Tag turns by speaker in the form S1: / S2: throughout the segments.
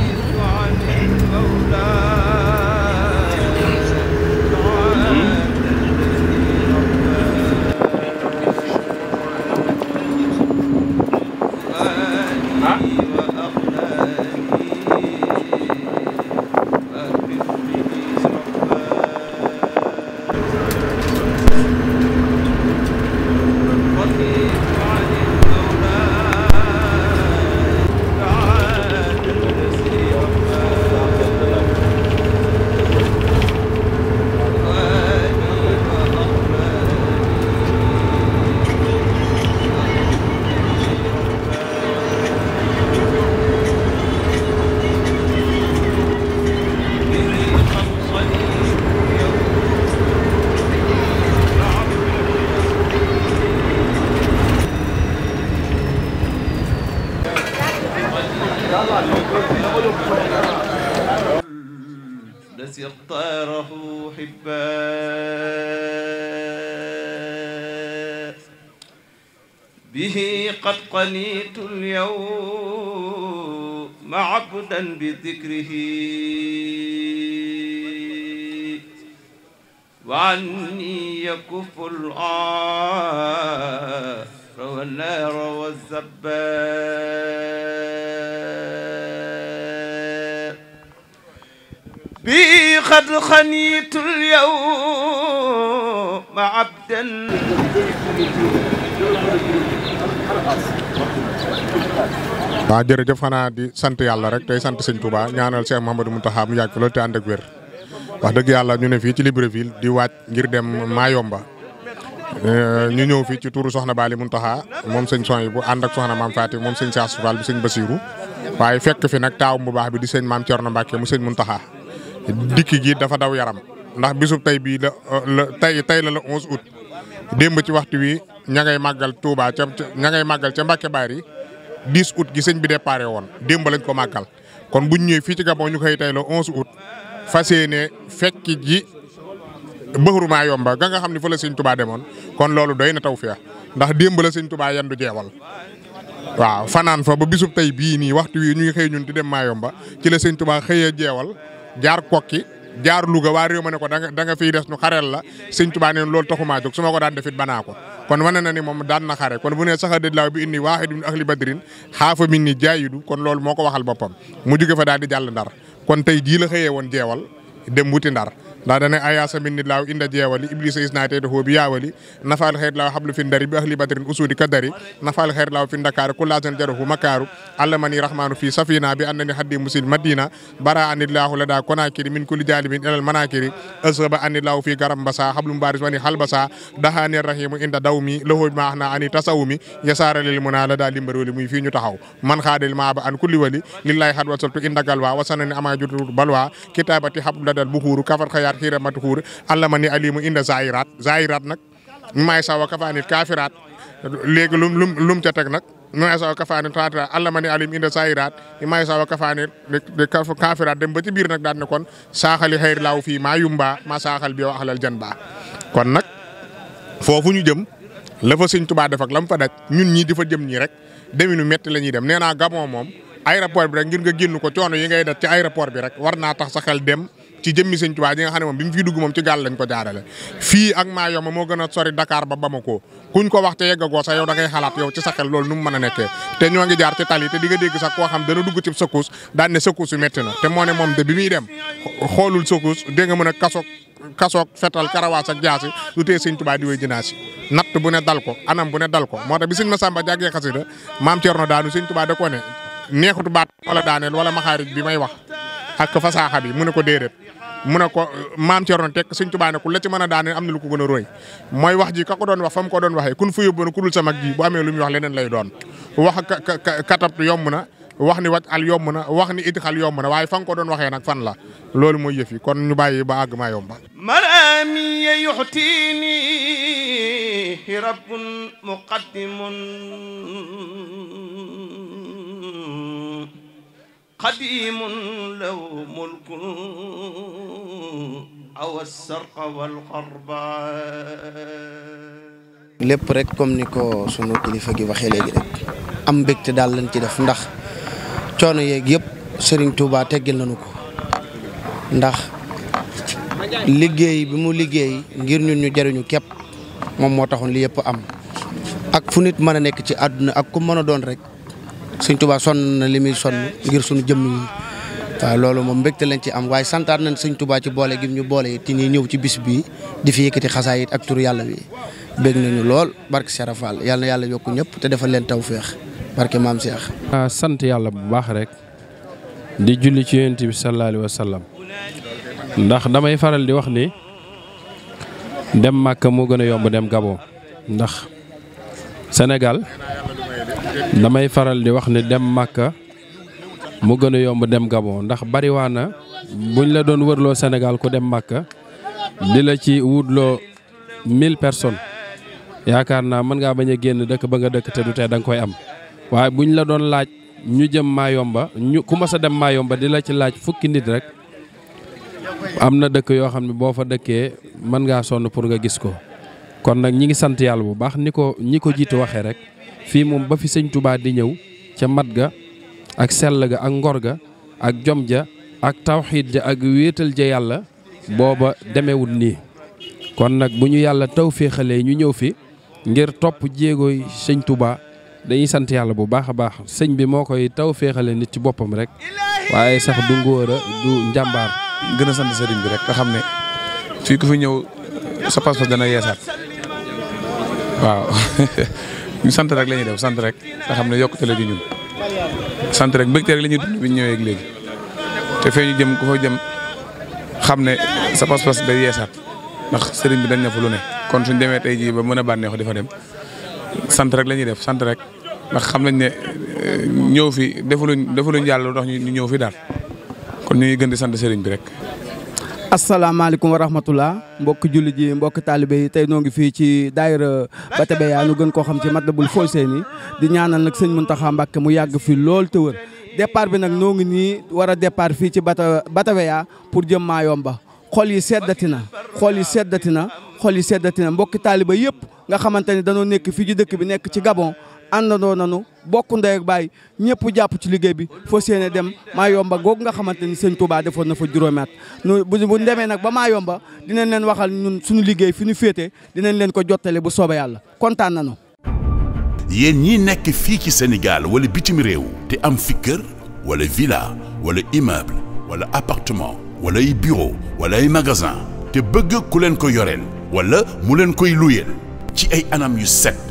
S1: به قد قنيت اليوم
S2: عبدا بذكره
S1: وعني يكف العار والنار والزباب
S3: بي قد
S2: خنيت اليوم عبدا
S3: waaw jërëjëf xanaa di sant yàlla rek tey sant sëñ Touba ñaanal Cheikh Mouhamadou Mountakha mu yàgg loolu te ànd ak wér wax dëgg yàlla ñu ne fii ci Libreville di waaj ngir dem yomba eh, ñu ñëw fii ci turu Soxna Bali Mountakha moom sëñ son bu ànd Soxna Maam Faati moom sëñ Saas Fall bi sëñ Basiru waaye fekk fi nag taawum bu baax bi di sëñ Maam na Mbàkke mu sëñ taxa dikki gi dafa daw yaram ndax bisub tey bii la eh, la tey la le 11 août démb ci waxtu wi ña ngay màggal tuuba ca ña màggal ca Mbacke yi 10 août gi sëñ bi déparé woon démb ko màggal kon buñ ñëwee fii ci Gabon ñu koy tey la 11 août fas yéene fekki ji bëxru maa yomba ka nga xam ne fa la sëñ Touba demoon kon loolu doy na taw tawfeex ndax démb la sëñ Touba yandu jeewal waaw fanaan fa ba bisu tey bii nii waxtu wi ñuy xëy ñun di dem maa yomba ci la sëñ Touba xëyee jeewal jaar kokki jaar Louga waa réew ma ne ko danga da nga fiy des nu xareel la sëñ Tuubaa neen loolu taxumaa jóg su ma ko daan defit banaa ko kon wane na ni moom daan na xare kon bu ne sax dillaaw bi indi waaxid min ahli badrin xaafa min ni jaayidu kon loolu moo ko waxal boppam mu jóge fa daal di jàll ndar kon tey jii la xëyee woon jeewal dem wuti ndar ndax dane ayasa min ni laaw inda jeewali iblisa isnatee taxoo bi yaawali nafaal xeet laaw xablu fi ndari bi ahli badrin usuudi ka dari nafaal xeet laaw fi ndakaaru ku laasan jarohu makaaru allamani rahmanu fi safina bi annani haddi musil madina bara anillahu la daa konakiri min kulli jalibin ilal manakiri asaba anillahu fi garam mbasa xablu mbaris wani halbasa dahaani rahimu inda dawmi loxoo bi maax na ani tasawumi yasaaralil mu naa la daa wali muy fii ñu taxaw man xaadil maa ba an kulli wali lillahi xad wasaltu indagalwa wasanani ama jutu yaar a ramat xuur alla ma ni alimu inda zahirat zahirat nag ñu may sawa kafaanit kaafiraat léegi lum lum lum ca teg nag ñu may sawa kafaanit taatira alla ma ni alim inda zahirat de kaafiraat dem ba ci biir nag daan ne kon saaxali xayr laaw fii maa yumba maa saaxal bi waxalal jan baa kon nag foofu ñu jëm la fa sëñ Tuubaa la mu fa daj ñun ñii di fa jëm ñii rek deminu metti la ñuy dem moom aéroport bi rek ngir nga ko coono yi ngay def ci aéroport bi rek war tax sa dem ci jëmmi sëñ Tuubaa ji nga xam ne moom bi mu fi dugg moom ci gaal ko jaarale fii ak maa yomb moo gën a sori Dakar ba Bamako kuñ ko wax te yeggagoo sax yow da ngay xalaat yow ci sa xel loolu nu mu mën a nekkee te ñoo ngi jaar ci tali te di nga dégg sax koo xam dana dugg ci sakkuus daan ne yu métti na te moo ne moom de bi muy dem xoolul sakkuus dégg nga a kasoog fetal karawaas ak jaasi lu tee sëñ Tuubaa di wéy jinaasi bu ne dal ko anam bu ne dal ko moo tax bi sëñ Masamba jàggee xasida maam Cerno daanu baat wala daaneel wala maxaarij bi wax ak fasaaxa bi mu ne ko déedéet mu ne ko maam a Tek suñ tubaa ne ku la ci a daane am na lu ko gën a roy mooy wax ji ka doon wax fa ko doon waxee kun fu yóbbu ku dul sa ji bu amee lu muy wax leneen lay doon wax ka katabtu yomb na wax ni wàcc al yomb na wax ni itixal yomb na waaye fa ko doon waxee nag fan la loolu mooy yëf kon ñu bàyyi ba àgg maa yomba
S2: marami yuxtini rabbun muqaddimun
S3: قديم لو ملك
S1: أو السرق والقرب
S2: lépp rek comme ni ko sunu kilifa gi waxee léegi rek am mbégte daal lañ ci def ndax coono yeeg yëpp Serigne Touba teggil nañu ko ndax liggéey bi mu liggéey ngir ñun ñu jariñu képp moom moo taxu li yëpp am ak fu nit mën a nekk ci àdduna ak kum mën a doon rek. sëñ tubaa sonn li muy sonn ngir suñu jëmm yi waaw loolu moom mbégte lañ ci am waaye santaat nañ sëñ tubaa ci boole gi ñu boole it ci ñuy ñëw ci bis bii di fi yëkkati xasaayit ak tur yàlla bi bég nañu lool barke Serap yàlla yàlla yokk ñëpp te defal leen tawféex barke maam Cheikh. sant yàlla bu baax rek di julli ci yonent bi sallallahu alayhi ndax damay faral di wax ni dem Màkka moo gën a yomb dem Gabon ndax Sénégal damay faral di wax ne dem Màkka mu gën a yomb dem Gabon ndax bariwaana buñ la doon wërloo Sénégal ku dem Màkka di la ci wutloo mille personnes yaakaar naa mën ngaa bañ a génn dëkk ba nga dëkk te du tee da nga koy am waaye buñ la doon laaj ñu jëm Mayomba ñu ku mas a dem Mayomba di la ci laaj fukki nit rek am na dëkk yoo xam ne boo fa dëkkee mën ngaa sonn pour nga gis ko. kon nag ñi ngi sant yàlla bu baax ni ko ñi ko jiitu waxee rek fii moom ba fi sëñ Touba di ñëw ca mat ga ak sell ga ak ngor ga ak jom ja ak tawxiit ja ak wéetal ja yàlla booba demewut nii kon nag bu ñu yàlla tawféexalee ñu ñëw fi ngir topp jéegooy sëñ Touba dañuy sant yàlla bu baax a baax sëñ bi moo koy tawféexalee nit ci boppam rek waaye sax du ngóor a du njàmbaar gën a sant sëriñ bi rek nga xam ne fii ku fi ñëw sa pas-pas dana yeesaat waaw ñu sant rek lañuy ñuy def sant rek nga xam ne yokkute la ci ñun sant rek mbégte rek dund bi ñu ñëwee léegi te fee ñu jëm ku fa jëm xam ne sa pas-pas day yeesaat ndax sëriñ bi dañ na fa lu ne kon suñ demee tey jii ba mën a bànneexu di fa dem sant rek lañuy def sant rek ndax xam nañ ne eh, ñëw fi defuluñ defuluñ yàlla lu tax ñu ñëw fi daal kon ñu ngi gën di sant sëriñ bi rek. asalaamaaleykum wa rahmatullah mbokk julli ji mbokk taalibe yi tey noo ngi fii ci daayira Batabeya nu gën koo xam ci Matlabul Fawzeyni di ñaanal nag sëñ Muntaxa Mbàkke mu yàgg fi lool te wër départ bi nag noo ngi nii war a fii ci Bata Batabeya pour jëm Mayumba xol yi seddati na xol yi seddati na xol yi seddati na mbokki taalibe yëpp nga xamante ne danoo nekk fii ci dëkk bi nekk ci Gabon àndandoo nanu bokk ndey ak baay ñëpp jàpp ci liggéey bi foo yéene dem maa yomba googu nga xamante ni sëñ Touba defoon na fa juróomi at nu bu ñu demee nag ba maa yomba dinañ leen waxal ñun suñu liggéey fi ñu féete dinañ leen ko jottale bu soobee yàlla kontaan nañu.
S3: yéen ñi nekk fii ci Sénégal wala bitim réew te am fi kër wala villa wala immeuble wala appartement wala ay bureau wala ay magasin te bëgg ku leen ko yoreel wala mu leen koy luyeel ci ay anam set.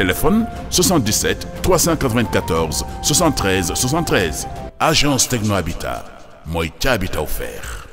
S3: téléphone 77 394 73 73 agence Techno Habitat mooy ca Habitat offert